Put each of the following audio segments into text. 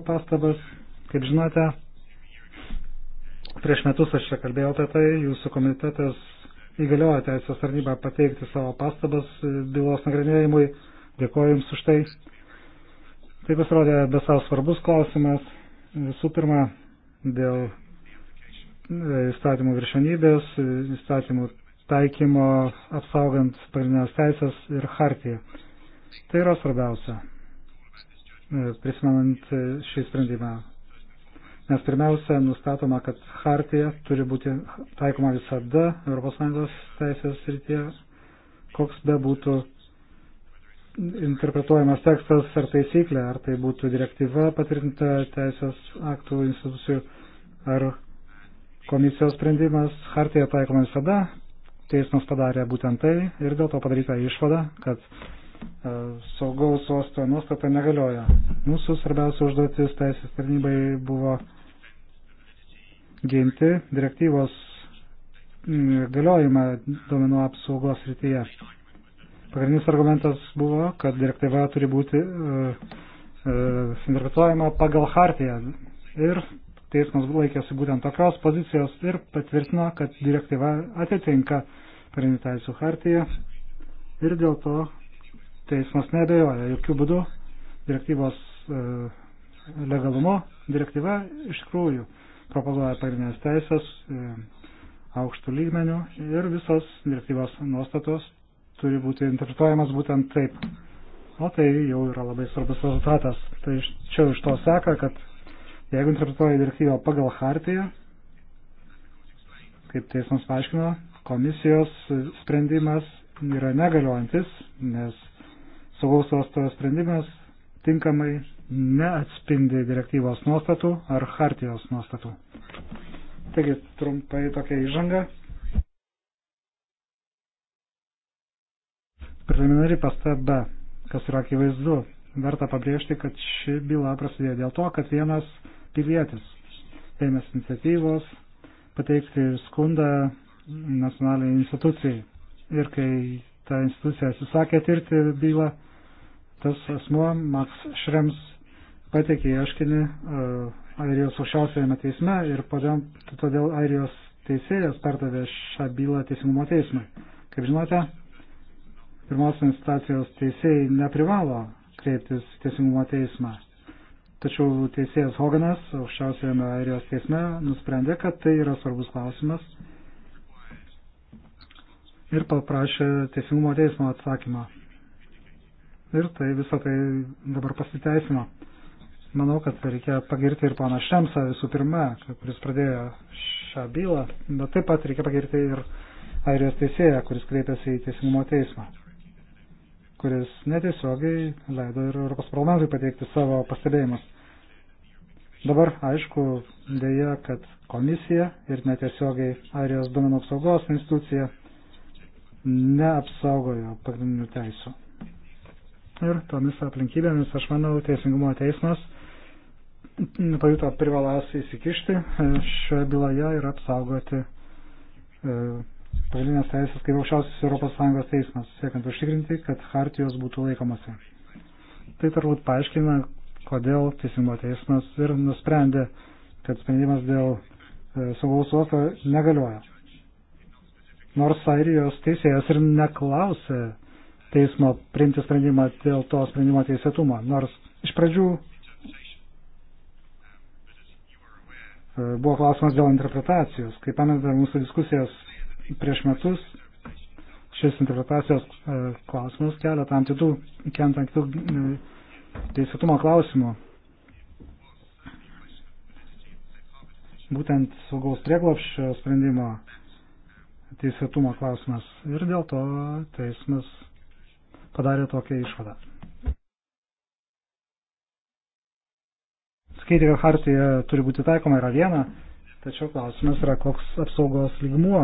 pastabas. Kaip žinote, prieš metus aš čia kalbėjau apie tai, jūsų komitetas įgaliojo teisės tarnybą pateikti savo pastabas bylos nagrinėjimui. Dėkoju Jums už tai. Tai pasirodė besau svarbus klausimas. Visų pirma, dėl e, įstatymų viršenybės, e, įstatymų taikymo apsaugant pagrindinės teisės ir hartiją. Tai yra svarbiausia. E, prisimenant šį sprendimą. Nes pirmiausia, nustatoma, kad hartija turi būti taikoma visada ES teisės srityje, koks be būtų interpretuojamas tekstas ar taisyklė, ar tai būtų direktyva patvirtinta teisės aktų institucijų ar komisijos sprendimas, hartija taikoma visada, teismas padarė būtent tai ir dėl to padaryta išvada, kad E, saugaus uosto nuostata negalioja. Mūsų svarbiausia užduotis teisės tarnybai buvo ginti direktyvos galiojimą duomenų apsaugos rytyje. Pagrindinis argumentas buvo, kad direktyva turi būti uh, uh, interpretuojama pagal hartiją. Ir teismas laikėsi būtent tokios pozicijos ir patvirtino, kad direktyva atitinka pagrindinių teisų hartiją. Ir dėl to teismas nebejoja jokių būdų direktyvos e, legalumo. Direktyva iš tikrųjų propaguoja pagrindinės teisės e, aukštų lygmenių ir visos direktyvos nuostatos turi būti interpretuojamas būtent taip. O tai jau yra labai svarbus rezultatas. Tai čia iš to seka, kad jeigu interpretuoja direktyvą pagal hartiją, kaip teismas paaiškino, komisijos sprendimas yra negaliojantis, nes saugaus uosto sprendimas tinkamai neatspindi direktyvos nuostatų ar hartijos nuostatų. Taigi trumpai tokia įžanga. Preliminari pastaba, kas yra akivaizdu, verta pabrėžti, kad ši byla prasidėjo dėl to, kad vienas pilietis ėmėsi iniciatyvos pateikti skundą nacionaliniai institucijai. Ir kai ta institucija atsisakė tirti bylą, Tas asmuo, Max Šrems, pateikė ieškinį e, Airijos aukščiausiajame teisme ir todėl Airijos teisėjas perdavė šią bylą teisingumo teismui. Kaip žinote, pirmos instancijos teisėjai neprivalo kreiptis teisingumo teismą. Tačiau teisėjas Hoganas aukščiausiajame Airijos teisme nusprendė, kad tai yra svarbus klausimas ir paprašė teisingumo teismo atsakymą. Ir tai visą tai dabar pasiteisino. Manau, kad reikia pagirti ir pana Šemsą visų pirma, kuris pradėjo šią bylą, bet taip pat reikia pagirti ir airijos teisėją, kuris kreipėsi į teisingumo teismą, kuris netiesiogiai leido ir Europos parlamentui pateikti savo pastebėjimus. Dabar aišku dėja, kad komisija ir netiesiogiai airijos duomenų apsaugos institucija neapsaugojo pagrindinių teisų. Ir tomis aplinkybėmis, aš manau, Teisingumo teismas pajuto privalas įsikišti e, šioje byloje ir apsaugoti e, pagrindinės teisės kaip aukščiausias ES teismas, siekiant užtikrinti, kad hartijos būtų laikomasi. Tai turbūt paaiškina, kodėl Teisingumo teismas ir nusprendė, kad sprendimas dėl e, saugaus uosto negalioja. Nors Airijos teisėjas ir neklausė teismo priimti sprendimą dėl to sprendimo teisėtumo. Nors iš pradžių e, buvo klausimas dėl interpretacijos. Kaip pamenate, mūsų diskusijas prieš metus šis interpretacijos e, klausimas kelia tam tikrų, kent tam tikrų e, teisėtumo klausimų. Būtent saugaus prieglopščio sprendimo teisėtumo klausimas. Ir dėl to teismas padarė tokią išvadą. Sakyti, kad hartija turi būti taikoma yra viena, tačiau klausimas yra, koks apsaugos lygmuo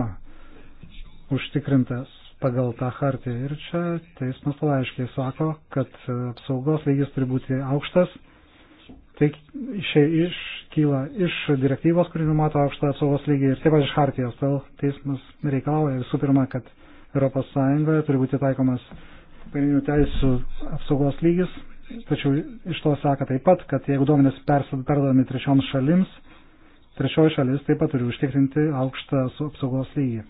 užtikrintas pagal tą hartiją. Ir čia teismas labai aiškiai sako, kad apsaugos lygis turi būti aukštas. Tai iškyla iš direktyvos, kuri numato aukštą apsaugos lygį ir taip pat iš hartijos. Todėl teismas reikalauja visų pirma, kad ES turi būti taikomas pagrindinių teisų apsaugos lygis, tačiau iš to seka taip pat, kad jeigu duomenys perdodami trečioms šalims, trečioji šalis taip pat turi užtikrinti aukštą apsaugos lygį.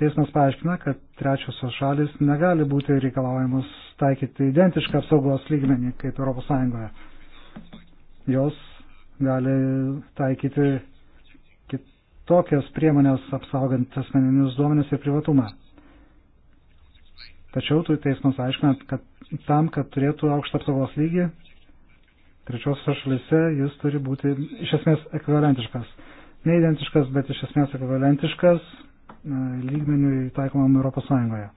Teismas paaiškina, kad trečiosios šalis negali būti reikalavimus taikyti identišką apsaugos lygmenį kaip ES. Jos gali taikyti kitokias priemonės apsaugant asmeninius duomenis ir privatumą. Tačiau tu teismas aiškinat, kad tam, kad turėtų aukštą apsaugos lygį, trečiosios šalise jis turi būti iš esmės ekvivalentiškas. Neidentiškas, bet iš esmės ekvivalentiškas e, lygmeniui taikomam Europos Sąjungoje.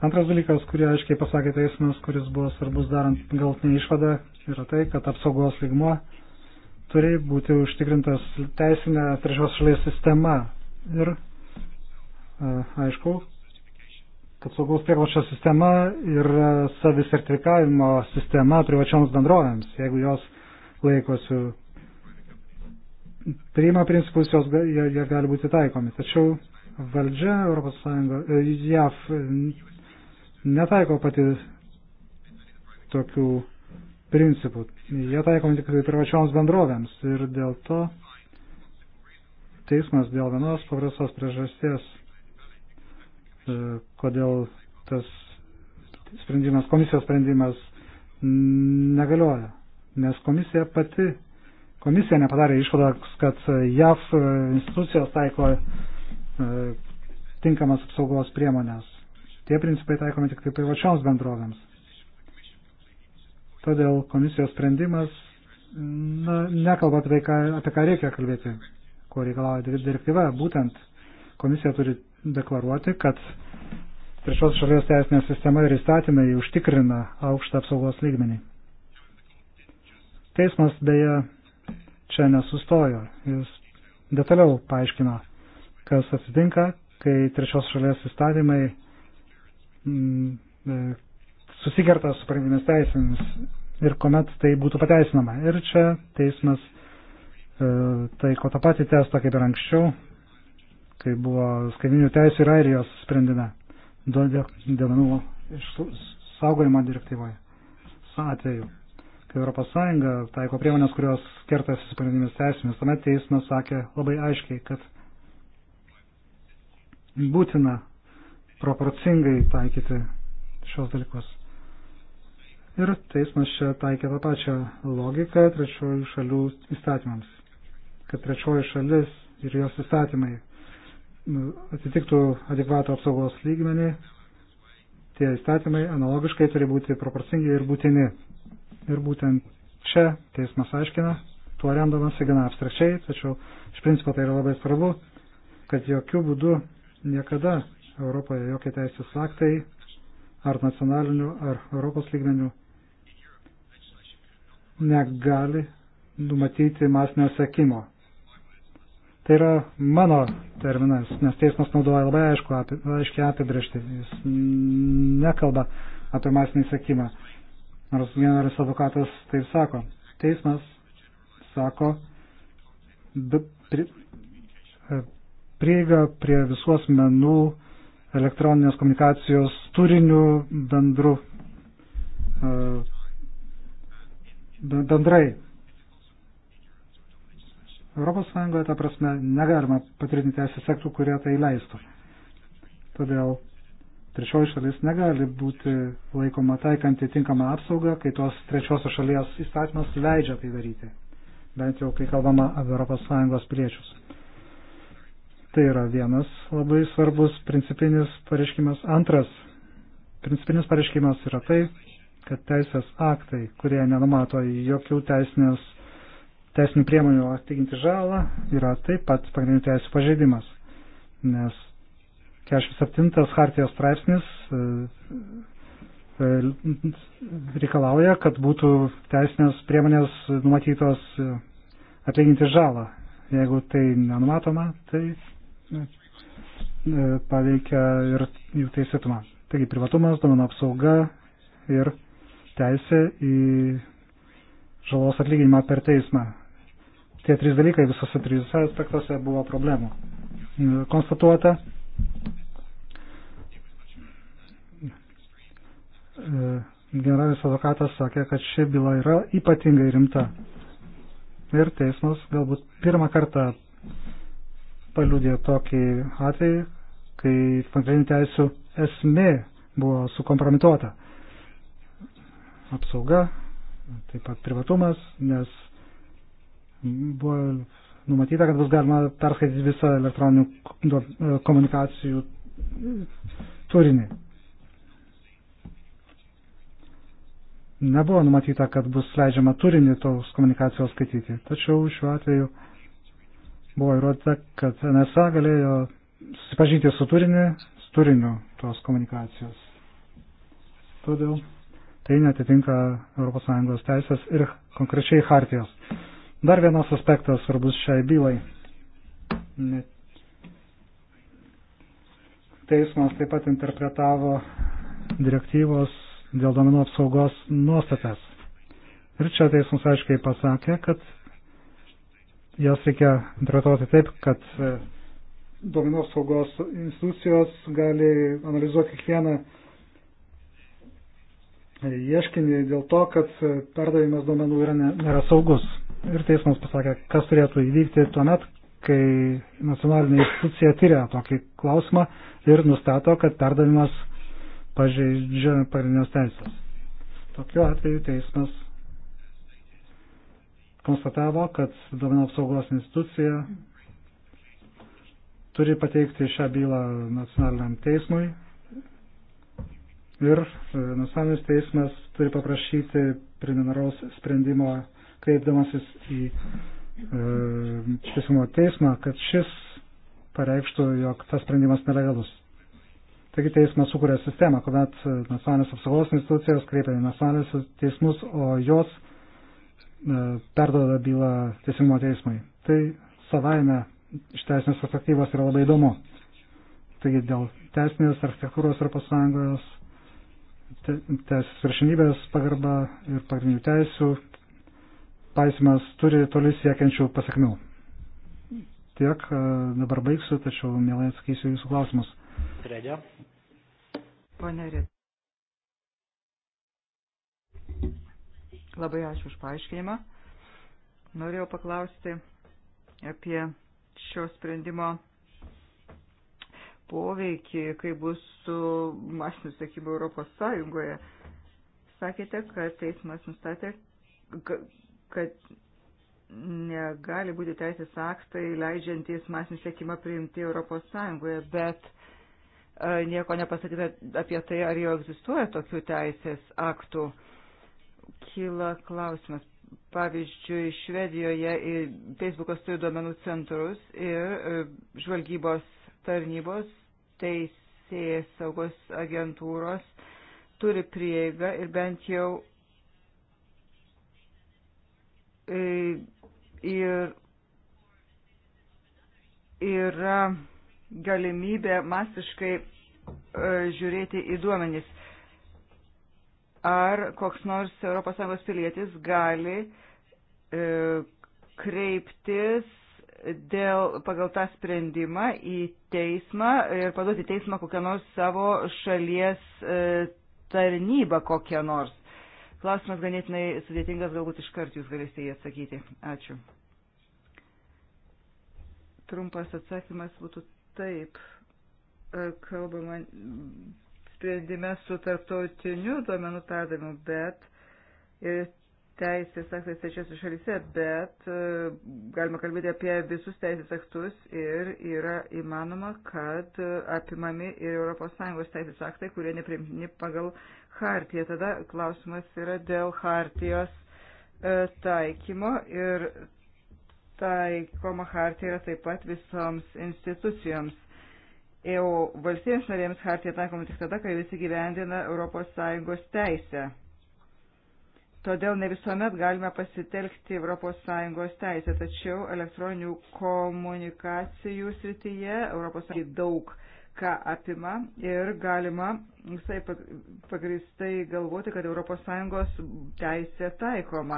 Antras dalykas, kurį aiškiai pasakė teismas, kuris buvo svarbus darant galtinį išvadą, yra tai, kad apsaugos lygmo turi būti užtikrintas teisinė trečios šalies sistema ir E, aišku, kad saugaus prieglašio sistema ir savisertifikavimo sistema privačioms bendrovėms, jeigu jos laikosi priima principus, jos, jie, jie gali būti taikomi. Tačiau valdžia ES, e, JAF netaiko pati tokių principų. Jie taikomi tik privačioms bendrovėms ir dėl to teismas dėl vienos paprastos priežasties E, kodėl tas sprendimas, komisijos sprendimas negalioja. Nes komisija pati, komisija nepadarė išvados, kad JAV institucijos taiko e, tinkamas apsaugos priemonės. Tie principai taikomi tik tai privačioms bendrovėms. Todėl komisijos sprendimas na, nekalba apie tai, ką, apie ką reikia kalbėti, ko reikalauja direktyva. Būtent komisija turi deklaruoti, kad trečios šalies teisinė sistema ir įstatymai užtikrina aukštą apsaugos lygmenį. Teismas beje čia nesustojo. Jis detaliau paaiškino, kas atsitinka, kai trečios šalies įstatymai mm, e, susikerta su pagrindinės teisėmis ir kuomet tai būtų pateisinama. Ir čia teismas e, taiko tą patį testą kaip ir anksčiau, kai buvo skaitinių teisų ir airijos sprendime duomenų išsaugojimo direktyvoje atveju, kai ES taiko priemonės, kurios kertasi su pagrindinėmis teisėmis. Tuomet teismas sakė labai aiškiai, kad būtina proporcingai taikyti šios dalykus. Ir teismas čia taikė tą pačią logiką trečiojų šalių įstatymams, kad trečioji šalis ir jos įstatymai atitiktų adekvato apsaugos lygmenį, tie įstatymai analogiškai turi būti proporcingi ir būtini. Ir būtent čia teismas aiškina, tuo remdamasi gana abstrakčiai, tačiau iš principo tai yra labai svarbu, kad jokių būdų niekada Europoje jokie teisės aktai ar nacionalinių ar Europos lygmenių negali numatyti masinio sekimo. Tai yra mano terminas, nes teismas naudoja labai aišku, apie, aiškiai apibriežti. Jis nekalba apie masinį sekimą. Nors generalinis advokatas taip sako. Teismas sako, e, prieiga prie visuos menų elektroninės komunikacijos turinių bendru, e, bendrai ES ta prasme negalima patvirtinti teisės aktų, kurie tai leistų. Todėl trečioji šalis negali būti laikoma taikanti tinkamą apsaugą, kai tos trečiosios šalies įstatymas leidžia tai daryti. Bent jau, kai kalbama apie ES priečius. Tai yra vienas labai svarbus principinis pareiškimas. Antras principinis pareiškimas yra tai, kad teisės aktai, kurie nenumato jokių teisinės teisinių priemonių atlyginti žalą yra taip pat pagrindinių teisų pažeidimas, nes 47 hartijos straipsnis e, e, reikalauja, kad būtų teisinės priemonės numatytos atlyginti žalą. Jeigu tai nenumatoma, tai e, paveikia ir jų teisėtumą. Taigi privatumas, domenų apsauga ir teisė į žalos atlyginimą per teismą. Tie trys dalykai visose trijose aspektuose buvo problemų. Konstatuota. Generalinis advokatas sakė, kad ši byla yra ypatingai rimta. Ir teismas galbūt pirmą kartą paliūdė tokį atvejį, kai pagrindinių teisų esmė buvo sukompromituota. Apsauga, taip pat privatumas, nes buvo numatyta, kad bus galima perskaityti visą elektroninių e, komunikacijų turinį. Nebuvo numatyta, kad bus leidžiama turinį tos komunikacijos skaityti. Tačiau šiuo atveju buvo įrodyta, kad NSA galėjo susipažinti su turinį, su turiniu tos komunikacijos. Todėl tai netitinka ES teisės ir konkrečiai Hartijos. Dar vienas aspektas svarbus šiai bylai. Teismas taip pat interpretavo direktyvos dėl domenų apsaugos nuostatas. Ir čia teismas aiškiai pasakė, kad jas reikia interpretuoti taip, kad e, duomenų apsaugos institucijos gali analizuoti kiekvieną ieškinį dėl to, kad e, perdavimas duomenų yra, nėra saugus ir teismas pasakė, kas turėtų įvykti tuo met, kai nacionalinė institucija tyria tokį klausimą ir nustato, kad perdavimas pažeidžia pagrindinės teisės. Tokiu atveju teismas konstatavo, kad duomenų apsaugos institucija turi pateikti šią bylą nacionaliniam teismui ir nacionalinis teismas turi paprašyti preliminaraus sprendimo kreipdamasis į e, teisingumo teismą, kad šis pareikštų, jog tas sprendimas nelegalus. Taigi teismas sukuria sistemą, kuomet nacionalinės apsaugos institucijos kreipia į nacionalinės teismus, o jos e, perdoda bylą teisingumo teismai. Tai savaime iš teisinės perspektyvos yra labai įdomu. Taigi dėl teisinės architektūros Europos Sąjungos teisės viršinybės pagarba ir pagrindinių teisų paisimas turi toli siekiančių pasakmių. Tiek e, dabar baigsiu, tačiau mielai atsakysiu jūsų klausimus. Redė. Pane Redė. Labai ačiū už paaiškinimą. Norėjau paklausti apie šio sprendimo poveikį, kai bus su masiniu sakymu Europos Sąjungoje. Sakėte, kad teismas nustatė, kad negali būti teisės aktai leidžiantys masinį sėkimą priimti Europos Sąjungoje, bet e, nieko nepasakyta apie tai, ar jau egzistuoja tokių teisės aktų. Kyla klausimas. Pavyzdžiui, Švedijoje Facebookas turi duomenų centrus ir e, žvalgybos tarnybos, teisės saugos agentūros turi prieigą ir bent jau E, ir, yra galimybė masiškai e, žiūrėti į duomenys. Ar koks nors ES pilietis gali e, kreiptis dėl pagal tą sprendimą į teismą ir paduoti teismą kokią nors savo šalies tarnybą kokią nors. Klausimas ganėtinai sudėtingas, galbūt iškart jūs galėsite jį atsakyti. Ačiū. Trumpas atsakymas būtų taip. E, kalbama sprendime su tarptautiniu duomenų perdavimu, bet ir e, teisės aktais trečiose šalyse, bet e, galima kalbėti apie visus teisės aktus ir yra įmanoma, kad apimami ir ES teisės aktai, kurie neprimtini pagal hartiją. Tada klausimas yra dėl hartijos e, taikymo ir taikoma hartija yra taip pat visoms institucijoms. EU valstybėms narėms hartija taikoma tik tada, kai visi gyvendina ES teisę. Todėl ne visuomet galime pasitelkti ES teisę, tačiau elektroninių komunikacijų srityje ES daug ką apima ir galima visai pagristai galvoti, kad ES teisė taikoma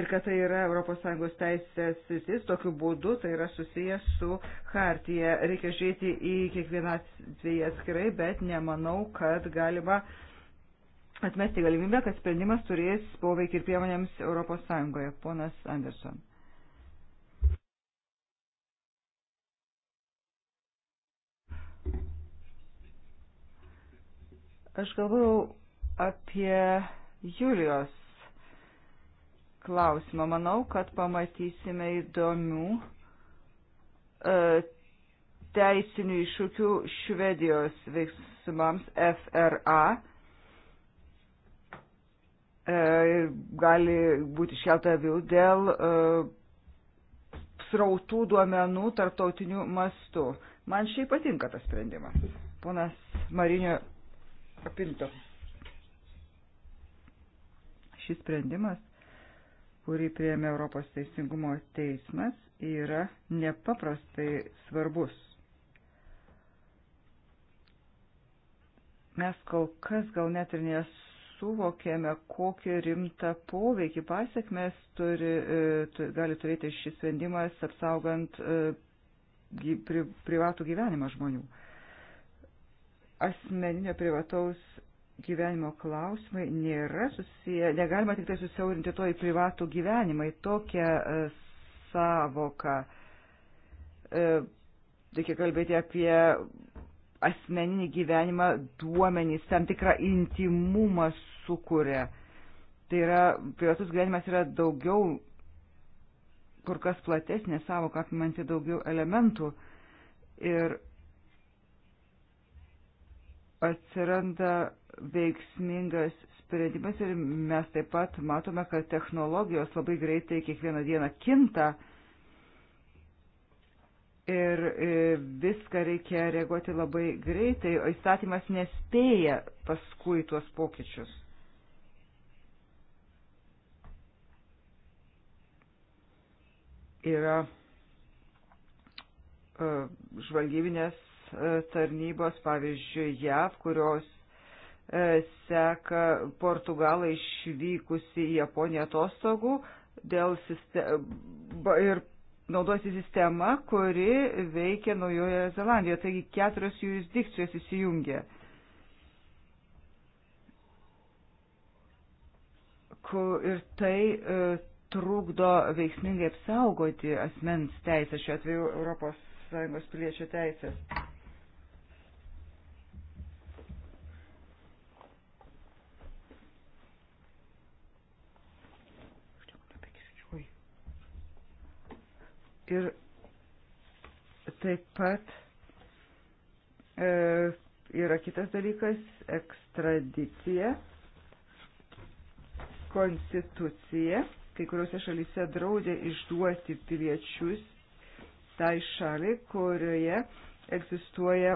ir kad tai yra ES teisės sritis, tokiu būdu tai yra susijęs su hartija. Reikia žiūrėti į kiekvieną atvejį atskirai, bet nemanau, kad galima atmesti galimybę, kad sprendimas turės poveikį ir priemonėms ES. Ponas Anderson. Aš galvojau apie Julijos klausimą. Manau, kad pamatysime įdomių e, teisinių iššūkių Švedijos veiksmams FRA. E, gali būti iškelta vėl dėl e, srautų duomenų tarptautinių mastų. Man šiaip patinka tas sprendimas. Ponas Marinio papildo. Šis sprendimas, kurį prieėmė Europos Teisingumo teismas, yra nepaprastai svarbus. Mes kol kas gal net ir nesuvokėme, kokį rimtą poveikį pasiekmes turi, e, gali turėti šis sprendimas apsaugant e, privatų gyvenimą žmonių asmeninio privataus gyvenimo klausimai nėra susiję, negalima tik tai susiaurinti to į privatų gyvenimą, į tokią e, savoką. E, reikia kalbėti apie asmeninį gyvenimą, duomenys, tam tikrą intimumą sukuria. Tai yra, privatus gyvenimas yra daugiau, kur kas platesnė savoka, apimanti daugiau elementų. Ir atsiranda veiksmingas sprendimas ir mes taip pat matome, kad technologijos labai greitai kiekvieną dieną kinta ir e, viską reikia reaguoti labai greitai, o įstatymas nespėja paskui tuos pokyčius. Yra e, žvalgybinės E, tarnybos, pavyzdžiui, JAV, kurios e, seka Portugalą išvykusi į Japoniją atostogų dėl ir naudojasi sistema, kuri veikia Naujojoje Zelandijoje. Taigi keturios jurisdikcijos įsijungia. Ir tai e, trukdo veiksmingai apsaugoti asmens teisę, šiuo atveju ES piliečio teisės. Ir taip pat e, yra kitas dalykas - ekstradicija, konstitucija. Kai kuriuose šalyse draudė išduoti piliečius tai šaliai, kurioje egzistuoja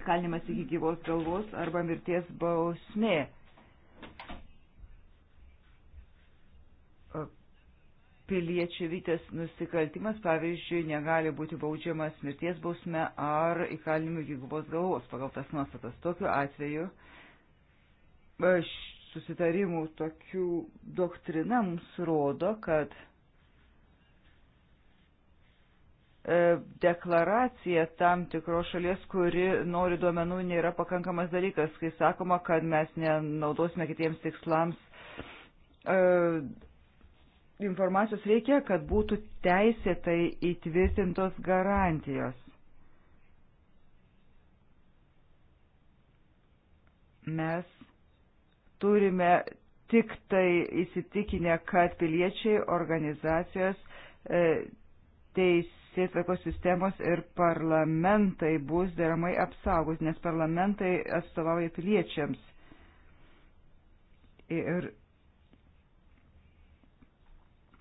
įkalinimas iki gyvos galvos arba mirties bausmė piliečių vytės nusikaltimas, pavyzdžiui, negali būti baudžiamas mirties bausme ar įkalinimu gyvybos galvos pagal tas nuostatas. Tokiu atveju e, susitarimų tokių doktrina mums rodo, kad e, deklaracija tam tikros šalies, kuri nori duomenų, nėra pakankamas dalykas, kai sakoma, kad mes nenaudosime kitiems tikslams e, informacijos reikia, kad būtų teisėtai įtvirtintos garantijos. Mes turime tik tai įsitikinę, kad piliečiai, organizacijos, e, teisėtvarkos sistemos ir parlamentai bus deramai apsaugus, nes parlamentai atstovauja piliečiams. Ir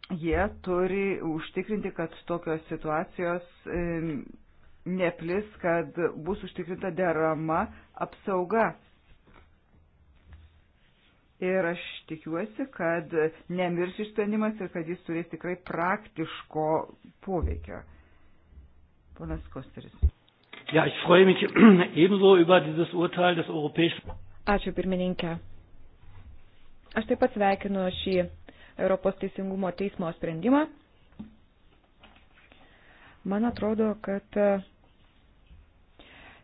jie turi užtikrinti, kad tokios situacijos neplis, kad bus užtikrinta derama apsauga. Ir aš tikiuosi, kad nemirs išsprendimas ir kad jis turės tikrai praktiško poveikio. Ponas Kosteris. Ja, ich freue mich ebenso über dieses Urteil des Europäischen. Ačiū pirmininkė. Aš taip pat sveikinu šį Europos teisingumo teismo sprendimą. Man atrodo, kad e,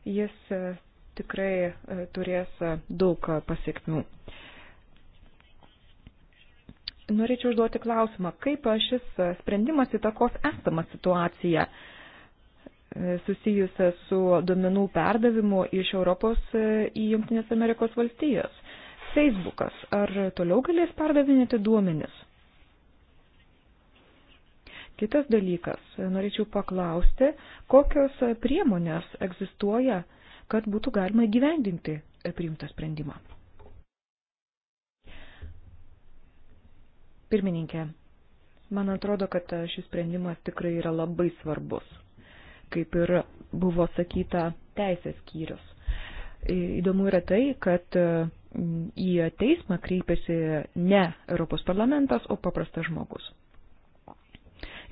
jis e, tikrai e, turės daug pasiekmių. Norėčiau užduoti klausimą, kaip šis sprendimas įtakos esamą situaciją susijusią su duomenų perdavimu iš Europos į Junktinės Amerikos valstijas. Facebookas ar toliau galės perdavinėti duomenis? Kitas dalykas, norėčiau paklausti, kokios priemonės egzistuoja, kad būtų galima gyvendinti priimtą sprendimą. Pirmininkė, man atrodo, kad šis sprendimas tikrai yra labai svarbus, kaip ir buvo sakyta teisės skyrius. Įdomu yra tai, kad į teismą kreipiasi ne Europos parlamentas, o paprastas žmogus.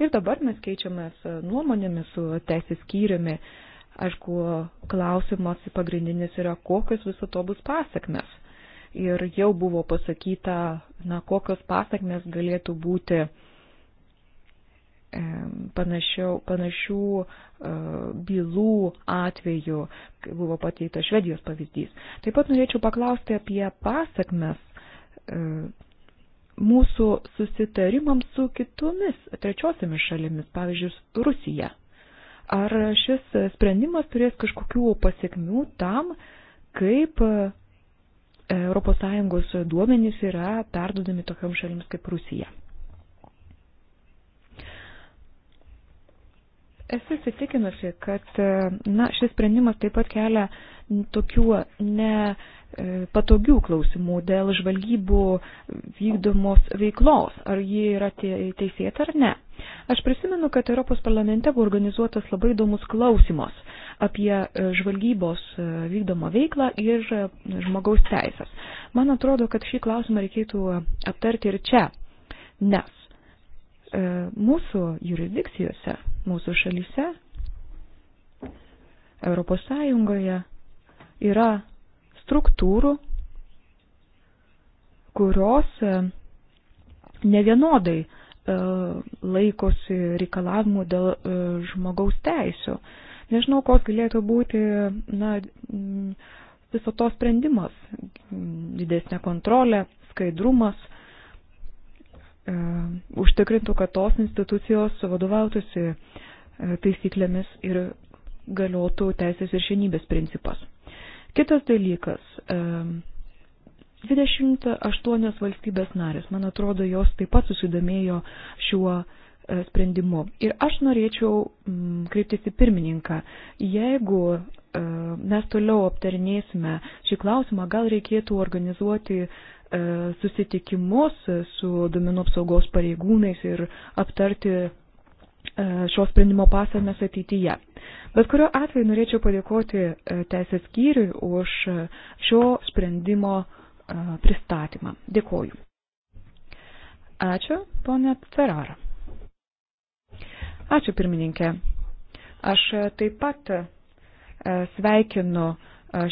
Ir dabar mes keičiamės e, nuomonėmis su teisės skyriumi. Aišku, klausimas pagrindinis yra, kokios viso to bus pasakmes. Ir jau buvo pasakyta, na, kokios pasakmes galėtų būti e, panašiau, panašių e, bylų atveju, kai buvo pateiktas Švedijos pavyzdys. Taip pat norėčiau paklausti apie pasakmes mūsų susitarimams su kitomis trečiosiamis šalimis, pavyzdžiui, Rusija. Ar šis sprendimas turės kažkokių pasiekmių tam, kaip ES duomenys yra perdodami tokiam šalims kaip Rusija. Esu įsitikinusi, kad e, na, šis sprendimas taip pat kelia tokių ne E, patogių klausimų dėl žvalgybų vykdomos veiklos, ar ji yra teisėta ar ne. Aš prisimenu, kad Europos parlamente buvo organizuotas labai įdomus klausimas apie e, žvalgybos e, vykdomą veiklą ir žmogaus teisės. Man atrodo, kad šį klausimą reikėtų aptarti ir čia, nes mūsų jurisdikcijose, mūsų šalyse, Europos Sąjungoje yra struktūrų, kurios e, nevienodai e, laikosi reikalavimų dėl e, žmogaus teisų. Nežinau, koks galėtų būti na, viso to sprendimas - didesnė kontrolė, skaidrumas užtikrintų, kad tos institucijos vadovautųsi taisyklėmis ir galiotų teisės ir šienybės principas. Kitas dalykas. 28 valstybės narės, man atrodo, jos taip pat susidomėjo šiuo e, sprendimu. Ir aš norėčiau kreiptis į pirmininką. Jeigu e, mes toliau aptarinėsime šį klausimą, gal reikėtų organizuoti e, susitikimus su duomenų apsaugos pareigūnais ir aptarti E, šio sprendimo pasarmes ateityje. Bet kuriuo atveju norėčiau padėkoti e, Teisės skyriui už e, šio sprendimo pristatymą. Dėkoju. Ačiū, ponė Ferrara. Ačiū, pirmininkė. Aš taip pat sveikinu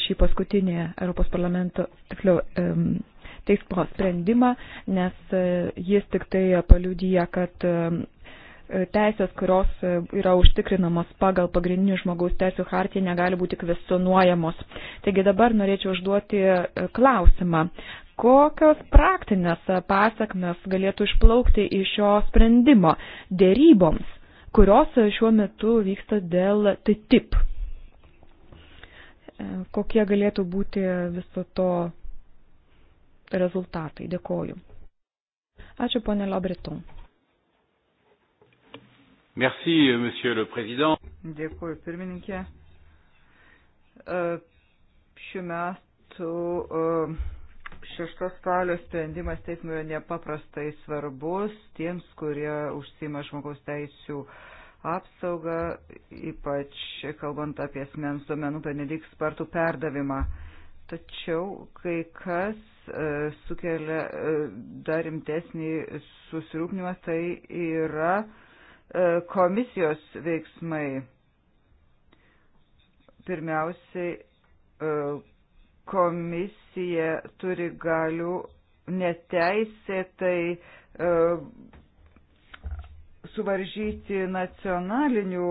šį paskutinį Europos parlamento, tiksliau, teismo sprendimą, nes jis tik tai paliudyja, kad teisės, kurios e, yra užtikrinamos pagal pagrindinių žmogaus teisų hartiją, negali būti kvestionuojamos. Taigi dabar norėčiau užduoti e, klausimą. Kokios praktinės e, pasakmes galėtų išplaukti iš šio sprendimo dėryboms, kurios šiuo metu vyksta dėl TTIP? Kokie galėtų būti viso to rezultatai? Dėkoju. Ačiū, ponė Lobretum. Merci, euh, monsieur le président. Dėkuoju, pirmininkė. E, Šiuo metu 6 e, spalio sprendimas teismui nu yra nepaprastai svarbus tiems, kurie užsima žmogaus teisų apsaugą, ypač kalbant apie asmens duomenų penedik spartų perdavimą. Tačiau kai kas e, sukelia e, dar rimtesnį susirūpinimą, tai yra e, E, komisijos veiksmai. Pirmiausiai, e, komisija turi galių neteisėtai e, suvaržyti nacionalinių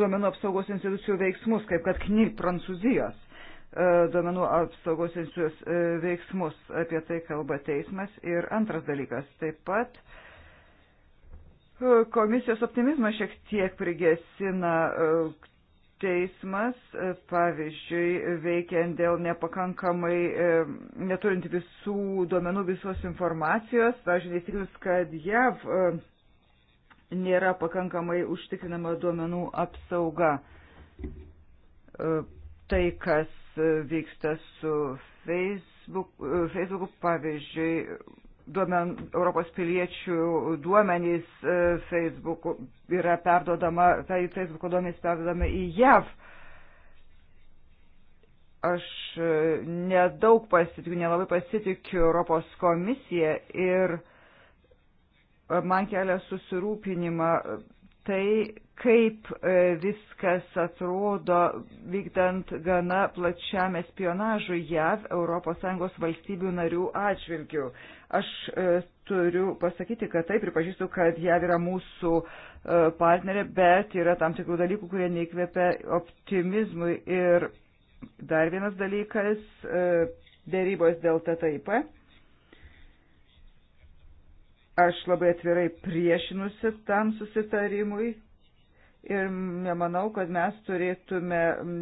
duomenų apsaugos institucijų veiksmus, kaip kad KNI Prancūzijos duomenų apsaugos institucijos veiksmus. Apie tai kalba teismas. Ir antras dalykas, taip pat uh, Komisijos optimizmas šiek tiek prigesina e, teismas, e, pavyzdžiui, veikiant dėl nepakankamai, e, neturint visų duomenų, visos informacijos, pavyzdžiui, neįsiklus, kad JAV nėra pakankamai užtikrinama duomenų apsauga. Tai, kas vyksta su Facebook, Facebooku, pavyzdžiui, duomen, Europos piliečių duomenys e, Facebook yra perdodama, tai Facebook duomenys perdodama į JAV. Aš e, nedaug pasitikiu, nelabai pasitikiu Europos komisiją ir man kelia susirūpinimą tai, kaip e, viskas atrodo vykdant gana plačiam espionažui JAV ES valstybių narių atžvilgių. Aš e, turiu pasakyti, kad taip, pripažįstu, kad JAV yra mūsų e, partnerė, bet yra tam tikrų dalykų, kurie neįkvėpia optimizmui. Ir dar vienas dalykas - dėrybos dėl TTIP. Aš labai atvirai priešinusi tam susitarimui, Ir nemanau, kad mes turėtume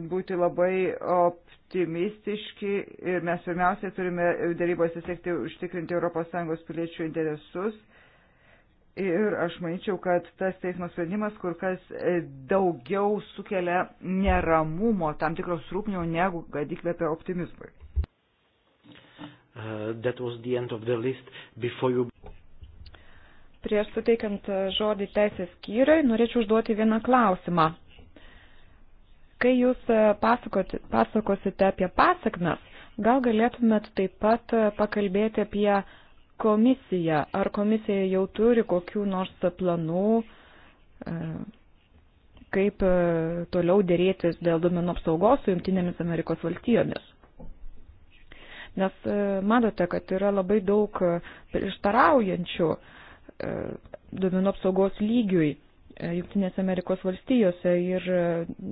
būti labai optimistiški ir mes pirmiausia turime darybose siekti užtikrinti ES piliečių interesus. Ir aš manyčiau, kad tas teismo sprendimas kur kas daugiau sukelia neramumo, tam tikros rūpnio, negu kad įkvepia optimizmui. Uh, you... Prieš suteikiant e, žodį teisės skyriui, norėčiau užduoti vieną klausimą. Kai jūs e, pasakosite apie pasakmes, gal galėtumėt taip pat e, pakalbėti apie komisiją? Ar komisija jau turi kokių nors planų, kaip toliau dėrėtis dėl duomenų apsaugos su Junktinėmis Amerikos valstijomis? Nes matote, kad yra labai daug prieštaraujančių uh, duomenų apsaugos lygiui e, Junktinės Amerikos valstijose ir e,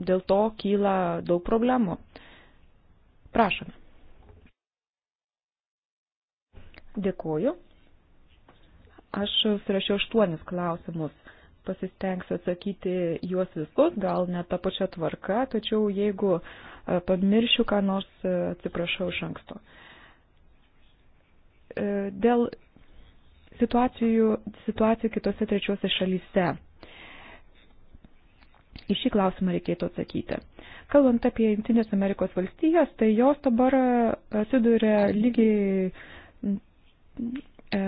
dėl to kyla daug problemų. Prašom. Dėkuoju. Aš surašiau aštuonis klausimus. Pasistengsiu atsakyti juos visus, gal ne tą pačią tvarką, tačiau jeigu e, pamiršiu, ką nors atsiprašau iš anksto. Dėl situacijų, situacijų kitose trečiose šalyse. Į šį klausimą reikėtų atsakyti. Kalbant apie Junktinės Amerikos valstijas, tai jos dabar e, atsiduria lygiai e,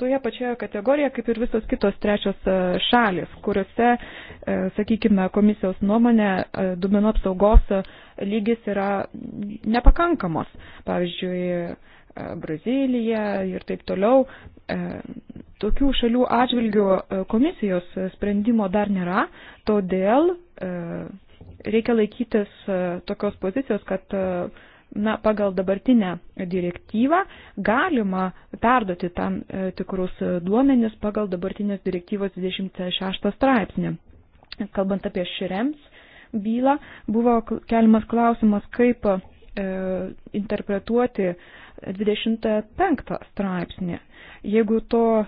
toje pačioje kategorijoje kaip ir visos kitos trečios e, šalis, kuriuose, e, sakykime, komisijos nuomonė duomenų apsaugos lygis yra nepakankamos. Pavyzdžiui, E, Brazilija ir taip toliau. E, tokių šalių atžvilgių e, komisijos sprendimo dar nėra, todėl reikia laikytis tokios pozicijos, kad na, pagal dabartinę direktyvą galima perduoti tam tikrus duomenis pagal dabartinės direktyvos 26 straipsnį. Kalbant apie širems bylą, buvo keliamas klausimas, kaip interpretuoti 25 straipsnį. Jeigu to e,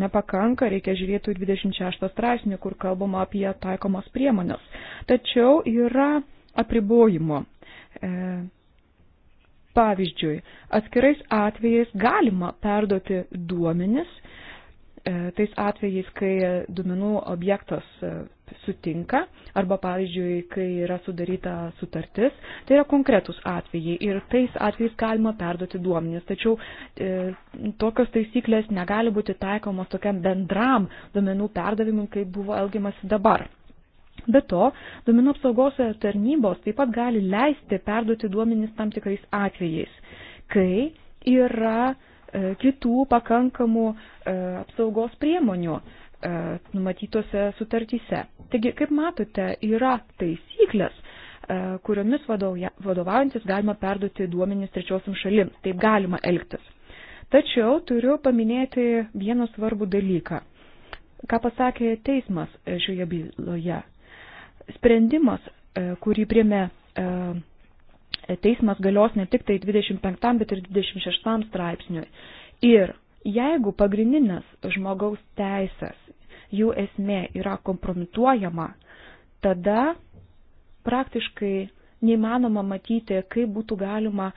nepakanka, reikia žiūrėti 26 straipsnį, kur kalbama apie taikomos priemonės. Tačiau yra apribojimo. E, pavyzdžiui, atskirais atvejais galima perduoti duomenis, E, tais atvejais, kai duomenų objektas e, sutinka arba, pavyzdžiui, kai yra sudaryta sutartis, tai yra konkretus atvejai ir tais atvejais galima perduoti duomenis, tačiau e, tokios taisyklės negali būti taikomos tokiam bendram duomenų perdavimui, kaip buvo elgiamas dabar. Be to, duomenų apsaugos tarnybos taip pat gali leisti perduoti duomenis tam tikrais atvejais, kai yra E, kitų pakankamų e, apsaugos priemonių e, numatytose sutartyse. Taigi, kaip matote, yra taisyklės, kuriomis vadovaujantis galima perduoti duomenys trečiosiam šalims. Taip galima elgtis. Tačiau turiu paminėti vieną svarbų dalyką. Ką pasakė teismas šioje byloje? Sprendimas, kurį priemė teismas galios ne tik tai 25, bet ir 26 straipsniui. Ir jeigu pagrindinės žmogaus teisės, jų esmė yra kompromituojama, tada praktiškai neįmanoma matyti, kaip būtų galima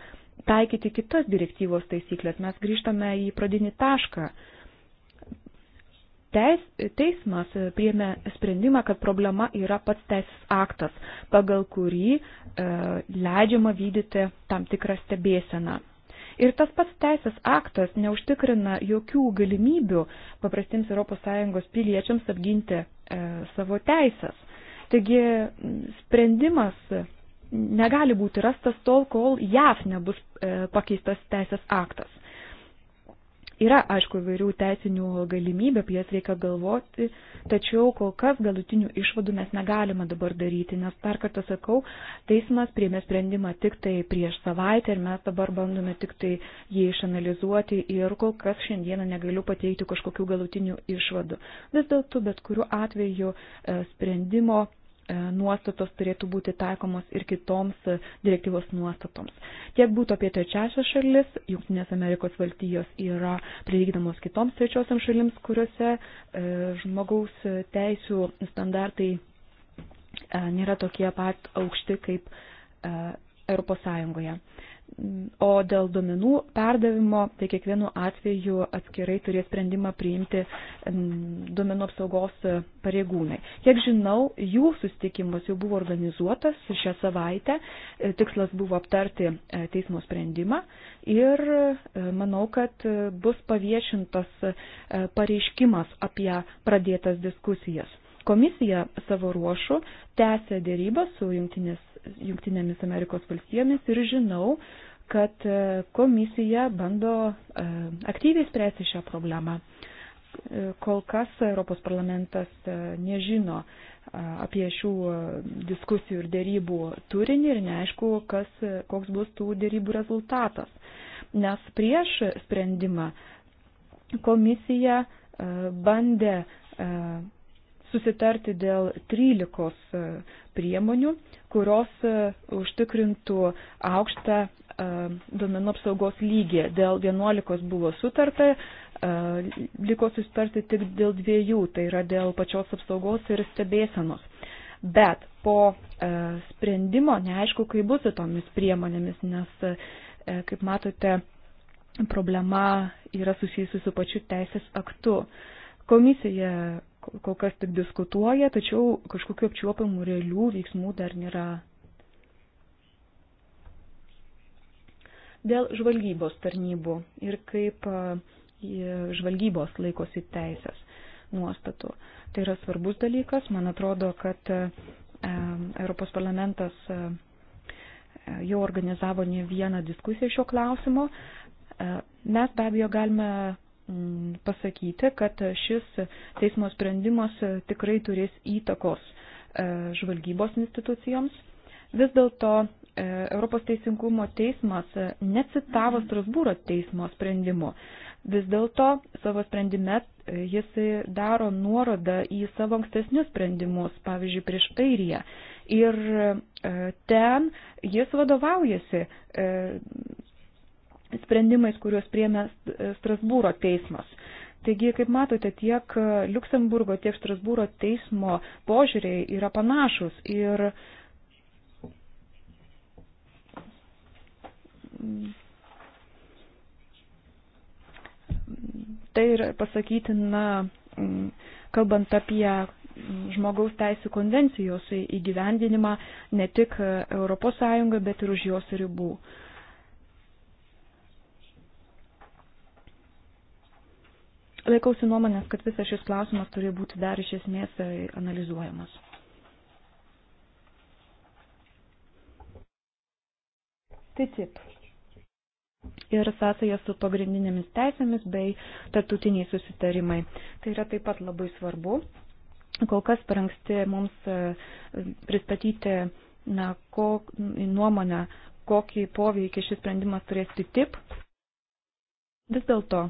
taikyti kitas direktyvos taisyklės. Mes grįžtame į pradinį tašką teis, teismas priėmė sprendimą, kad problema yra pats teisės aktas, pagal kurį e, leidžiama vykdyti tam tikrą stebėseną. Ir tas pats teisės aktas neužtikrina jokių galimybių paprastims ES piliečiams apginti e, savo teisės. Taigi sprendimas negali būti rastas tol, kol JAV nebus e, pakeistas teisės aktas. Yra, aišku, įvairių teisinių galimybių, apie jas reikia galvoti, tačiau kol kas galutinių išvadų mes negalime dabar daryti, nes dar kartą sakau, teismas priėmė sprendimą tik tai prieš savaitę ir mes dabar bandome tik tai jį išanalizuoti ir kol kas šiandieną negaliu pateikti kažkokių galutinių išvadų. Vis dėlto, bet kuriuo atveju e, sprendimo E, nuostatos turėtų būti taikomos ir kitoms e, direktyvos nuostatoms. Tiek būtų apie trečiasias šalis, Junktinės Amerikos valstijos yra prilygdamos kitoms trečiosiam šalims, kuriuose e, žmogaus teisų standartai nėra tokie pat aukšti kaip Europos Sąjungoje. O dėl duomenų perdavimo, tai kiekvienu atveju atskirai turės sprendimą priimti duomenų apsaugos pareigūnai. Kiek žinau, jų sustikimas jau buvo organizuotas šią savaitę. E, tikslas buvo aptarti e, teismo sprendimą ir e, manau, kad bus paviešintas pareiškimas apie pradėtas diskusijas. Komisija savo ruošų tęsė dėrybą su jungtinės Junktinėmis Amerikos valstijomis ir žinau, kad e, komisija bando e, aktyviai spręsti šią problemą. E, kol kas Europos parlamentas nežino apie šių diskusijų ir dėrybų turinį ir neaišku, kas, koks bus tų dėrybų rezultatas. Nes prieš sprendimą komisija bandė susitarti dėl 13 e, priemonių, kurios e, užtikrintų aukštą e, duomenų apsaugos lygį. Dėl 11 buvo sutarta, liko susitarti tik dėl dviejų, tai yra dėl pačios apsaugos ir stebėsenos. Bet po sprendimo neaišku, kaip bus su tomis priemonėmis, nes, kaip matote, problema yra susijusi su pačiu teisės aktu. Komisija kol kas tik diskutuoja, tačiau kažkokiu apčiuopiamų realių veiksmų dar nėra. Dėl žvalgybos tarnybų ir kaip žvalgybos laikosi teisės nuostatų. Tai yra svarbus dalykas. Man atrodo, kad Europos parlamentas jau organizavo ne vieną diskusiją šio klausimo. Mes be abejo galime Mm, pasakyti, kad šis teismo sprendimas tikrai turės įtakos e, žvalgybos institucijoms. Vis dėlto e, Europos teisingumo teismas e, necitavo Strasbūro teismo sprendimo. Vis dėlto savo sprendime jis daro nuorodą į savo ankstesnius sprendimus, pavyzdžiui, prieš Airiją. Ir ten jis vadovaujasi sprendimais, kuriuos priemė Strasbūro teismas. Taigi, kaip matote, tiek Luksemburgo, tiek Strasbūro teismo požiūriai yra panašus ir tai yra pasakytina, kalbant apie žmogaus teisų konvencijos įgyvendinimą ne tik ES, bet ir už jos ribų. Laikausi nuomonės, kad visas šis klausimas turi būti dar iš esmės e, analizuojamas. Tai taip. Ir sąsaja su pagrindinėmis teisėmis bei tartutiniai susitarimai. Tai yra taip pat labai svarbu. Kol kas per anksti mums e, pristatyti na, ko, nuomonę, kokį poveikį šis sprendimas turės tik tip. Vis dėlto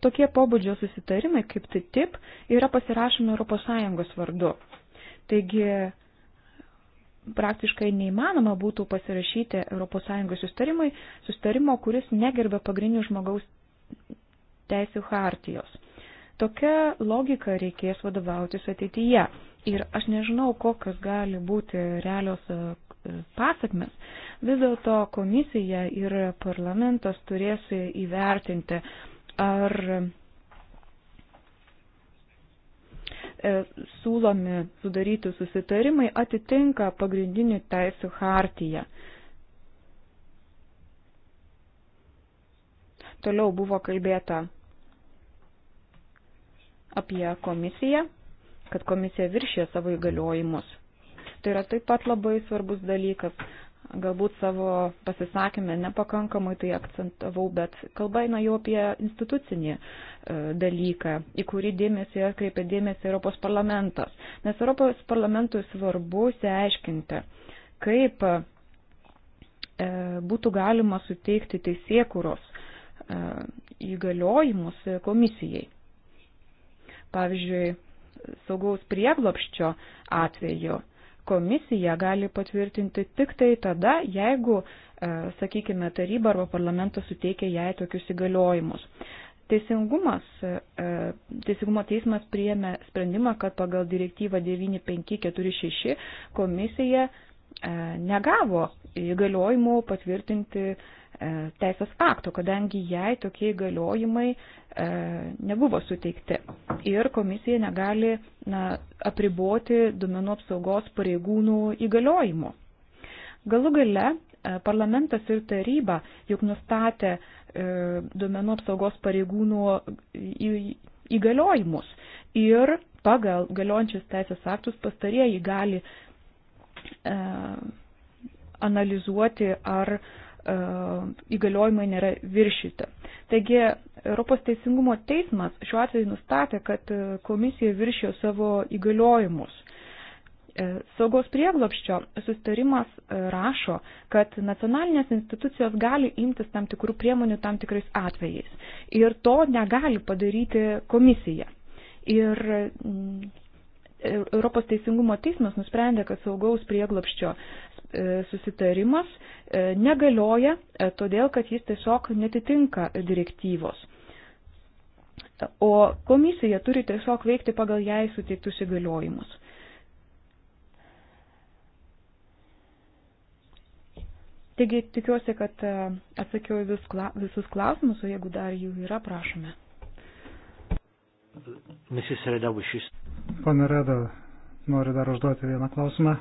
Tokie pobūdžio susitarimai kaip TTIP yra pasirašomi ES vardu. Taigi praktiškai neįmanoma būtų pasirašyti ES sustarimai, sustarimo, kuris negerbė pagrindinių žmogaus teisų hartijos. Tokia logika reikės vadovautis ateityje. Ir aš nežinau, kokios gali būti realios e, pasakmes. Vis dėlto komisija ir parlamentas turės įvertinti ar e, siūlomi sudaryti susitarimai atitinka pagrindinių teisų hartiją. Toliau buvo kalbėta apie komisiją, kad komisija viršė savo įgaliojimus. Tai yra taip pat labai svarbus dalykas galbūt savo pasisakymę nepakankamai tai akcentavau, bet kalba eina jau apie institucinį e, dalyką, į kurį dėmesį atkreipia dėmesį Europos parlamentas. Nes Europos parlamentui svarbu seaiškinti, kaip e, būtų galima suteikti teisėkuros e, įgaliojimus komisijai. Pavyzdžiui, saugaus prieglopščio atveju komisija gali patvirtinti tik tai tada, jeigu, e, sakykime, taryba arba parlamentas suteikia jai tokius įgaliojimus. Teisingumas, e, e, Teisingumo teismas priėmė sprendimą, kad pagal direktyvą 9546 komisija negavo įgaliojimų patvirtinti E, teisės akto, kadangi jai tokie įgaliojimai e, nebuvo suteikti. Ir komisija negali na, apriboti duomenų apsaugos pareigūnų įgaliojimų. Galų gale e, parlamentas ir taryba juk nustatė duomenų apsaugos pareigūnų įgaliojimus ir pagal galiojančius teisės aktus pastarieji gali analizuoti, ar uh, E, įgaliojimai nėra viršyti. Taigi Europos teisingumo teismas šiuo atveju nustatė, kad e, komisija viršijo savo įgaliojimus. E, saugos prieglopščio sustarimas rašo, kad nacionalinės institucijos gali imtis tam tikrų priemonių tam tikrais atvejais. Ir to negali padaryti komisija. Ir Europos teisingumo teismas nusprendė, kad saugaus prieglopščio E, susitarimas e, negalioja, e, todėl kad jis tiesiog netitinka direktyvos. O komisija turi tiesiog veikti pagal jai suteiktus įgaliojimus. Taigi tikiuosi, kad atsakiau vis kla, visus klausimus, o jeigu dar jų yra, prašome. Mrs. Reda, wishes. Pana Reda, noriu dar užduoti vieną klausimą.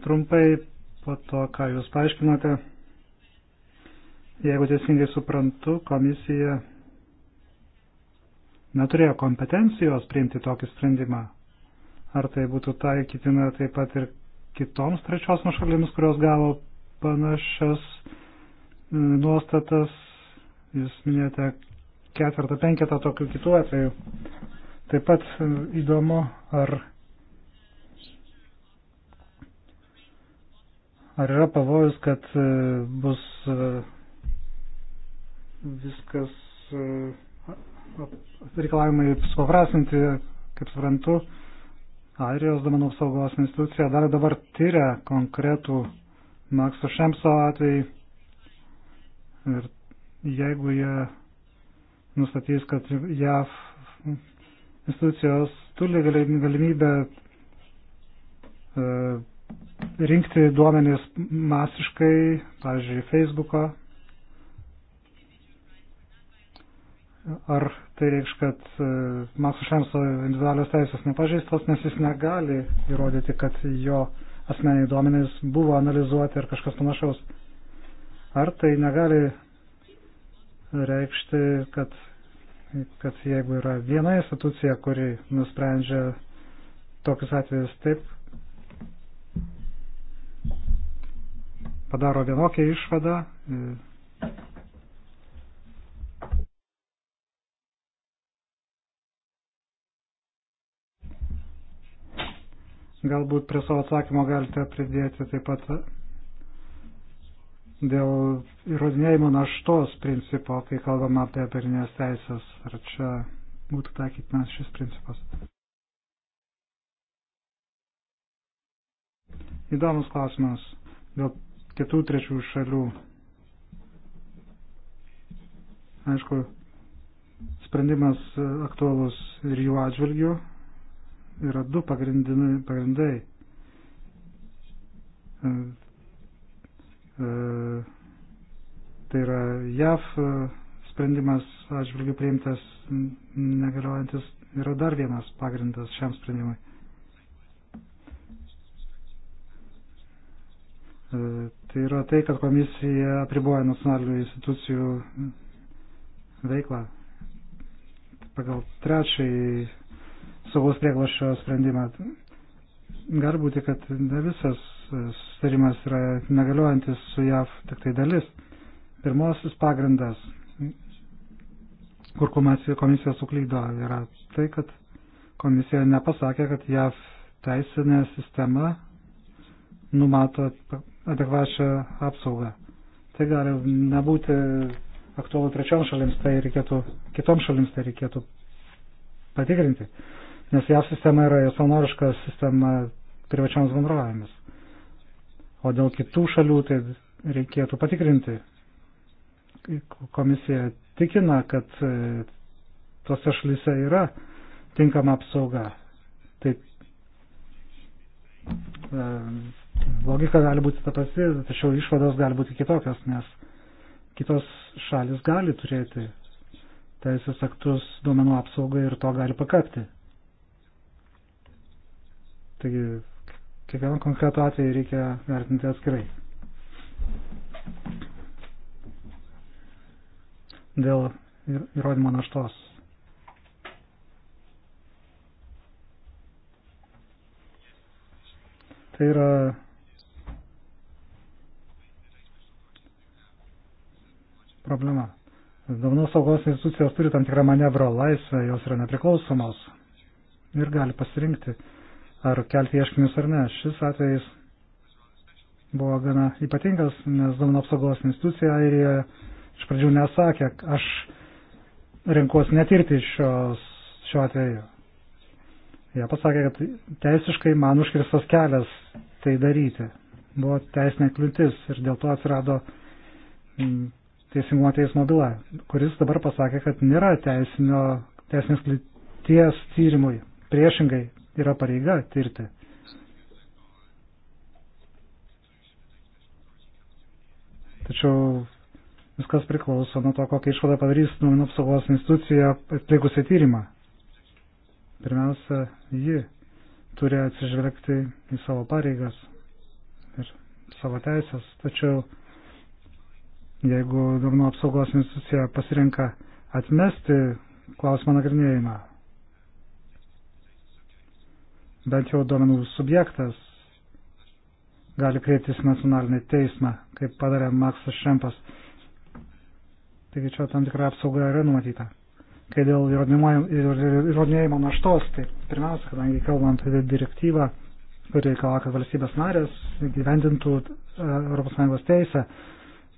Trumpai po to, ką Jūs paaiškinote, jeigu teisingai suprantu, komisija neturėjo kompetencijos priimti tokį sprendimą. Ar tai būtų taikytina taip pat ir kitoms trečios šalims, kurios gavo panašias e, nuostatas, jūs minėjote ketvirtą, penketą tokių kitų atvejų. Taip pat e, įdomu, ar Ar yra pavojus, kad e, bus e, viskas e, reikalavimai supaprasinti, kaip suprantu, Airijos domenų apsaugos institucija dar dabar tyria konkretų Makso Šemso atvejį ir jeigu jie nustatys, kad JAV institucijos turi galimybę rinkti duomenys masiškai, pavyzdžiui, Facebook'o. Ar tai reikš, kad e, Masu Šemso individualios teisės nepažeistos, nes jis negali įrodyti, kad jo asmeniai duomenys buvo analizuoti ar kažkas panašaus. Ar tai negali reikšti, kad, kad jeigu yra viena institucija, kuri nusprendžia tokius atvejus taip, padaro vienokią išvadą. E, galbūt prie savo atsakymo galite pridėti taip pat dėl įrodinėjimo naštos principo, kai kalbama apie perinės teisės. Ar čia būtų taikytinas šis principas? Įdomus klausimas dėl kitų trečių šalių. Aišku, sprendimas aktualus ir jų atžvilgių yra du pagrindai. E, e, tai yra JAV sprendimas atžvilgių priimtas negaliojantis yra dar vienas pagrindas šiam sprendimui. Tai yra tai, kad komisija apriboja nacionalinių institucijų veiklą pagal trečiąjį saugos prieglašio sprendimą. Gali būti, kad ne visas sustarimas yra negaliojantis su JAV, tik tai dalis. Pirmosis pagrindas, kur komisija suklydo, yra tai, kad komisija nepasakė, kad JAV teisinė sistema numato adekvačią apsaugą. Tai gali nebūti aktualu trečiom šalims, tai reikėtų, kitom šalims tai reikėtų patikrinti. Nes JAV sistema yra savanoriška sistema privačioms bendrovėmis. O dėl kitų šalių tai reikėtų patikrinti. Komisija tikina, kad e, tose šalyse yra tinkama apsauga. Tai e, logika gali būti ta pati, tačiau išvados gali būti kitokios, nes kitos šalis gali turėti teisės aktus duomenų apsaugai ir to gali pakakti. Taigi kiekvieną konkretų atvejį reikia vertinti atskirai. Dėl įrodymo naštos. Tai yra problema. Duomenų saugos institucijos turi tam tikrą manevro laisvę, jos yra nepriklausomos ir gali pasirinkti, ar kelti ieškinius ar ne. Šis atvejis buvo gana ypatingas, nes duomenų apsaugos institucija airija iš pradžių nesakė, aš renkuosi netirti šios, šio atveju. Jie pasakė, kad teisiškai man užkirstas kelias tai daryti. Buvo teisinė kliūtis ir dėl to atsirado mm, teisingumo teismo byla, kuris dabar pasakė, kad nėra teisinio, teisinės klities tyrimui. Priešingai yra pareiga tirti. Tačiau viskas priklauso nuo to, kokią išvadą padarys duomenų apsaugos institucija atlikusi tyrimą. Pirmiausia, ji turi atsižvelgti į savo pareigas ir savo teisės. Tačiau jeigu duomenų apsaugos institucija pasirenka atmesti klausimą nagrinėjimą. Bent jau duomenų subjektas gali kreiptis nacionalinį teismą, kaip padarė Maksas Šempas. Taigi čia tam tikra apsauga yra numatyta. Kai dėl įrodinėjimo naštos, tai pirmiausia, kadangi kalbant apie direktyvą, kuri reikalauja, kad valstybės narės gyvendintų ES teisę,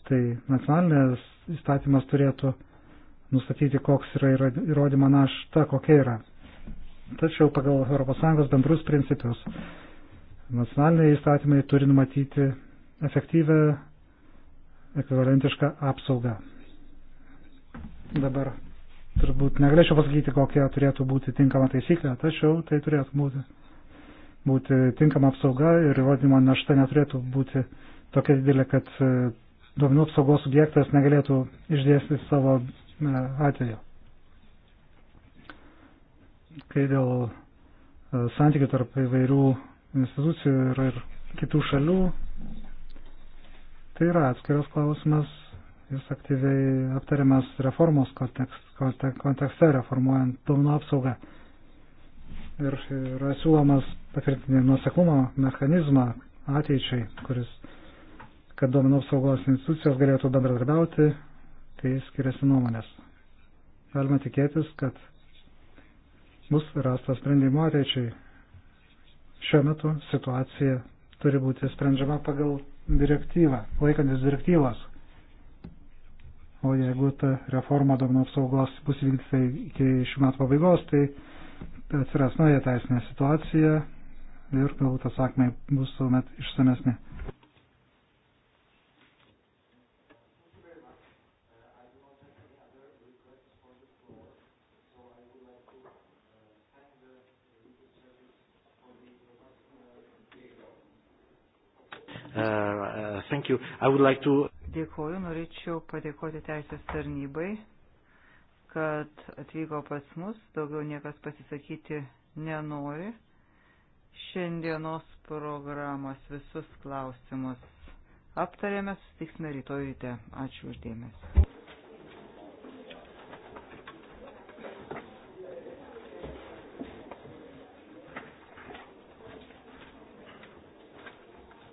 tai nacionalinės įstatymas turėtų nustatyti, koks yra įrodymo našta, kokia yra. Tačiau pagal ES bendrus principus nacionaliniai įstatymai turi numatyti efektyvę ekvivalentišką apsaugą. Dabar turbūt negalėčiau pasakyti, kokia turėtų būti tinkama taisyklė, tačiau tai turėtų būti, būti tinkama apsauga ir įrodymo našta neturėtų būti tokia didelė, kad duomenų apsaugos subjektas negalėtų išdėsti savo e, atveju. Kai dėl e, santykių tarp įvairių institucijų ir, ir kitų šalių, tai yra atskiras klausimas, jis aktyviai aptariamas reformos kontekst, kontekste, reformuojant duomenų apsaugą. Ir yra siūlomas patvirtinti nuoseklumo mechanizmą ateičiai, kuris kad duomenų apsaugos institucijos galėtų bendradarbiauti, kai skiriasi nuomonės. Galima tikėtis, kad bus rastas sprendimo ateičiai. Šiuo metu situacija turi būti sprendžiama pagal direktyvą, laikantis direktyvos. O jeigu ta reforma duomenų apsaugos bus vykdyta iki šių metų pabaigos, tai atsiras nauja teisinė situacija ir galbūt atsakymai bus tuomet išsamesni. Uh, uh, thank you. I would like to. Dėkoju, norėčiau padėkoti teisės tarnybai, kad atvyko pas mus, daugiau niekas pasisakyti nenori. Šiandienos programos visus klausimus aptarėme, susitiksime rytoj ryte. Ačiū uždėmesi.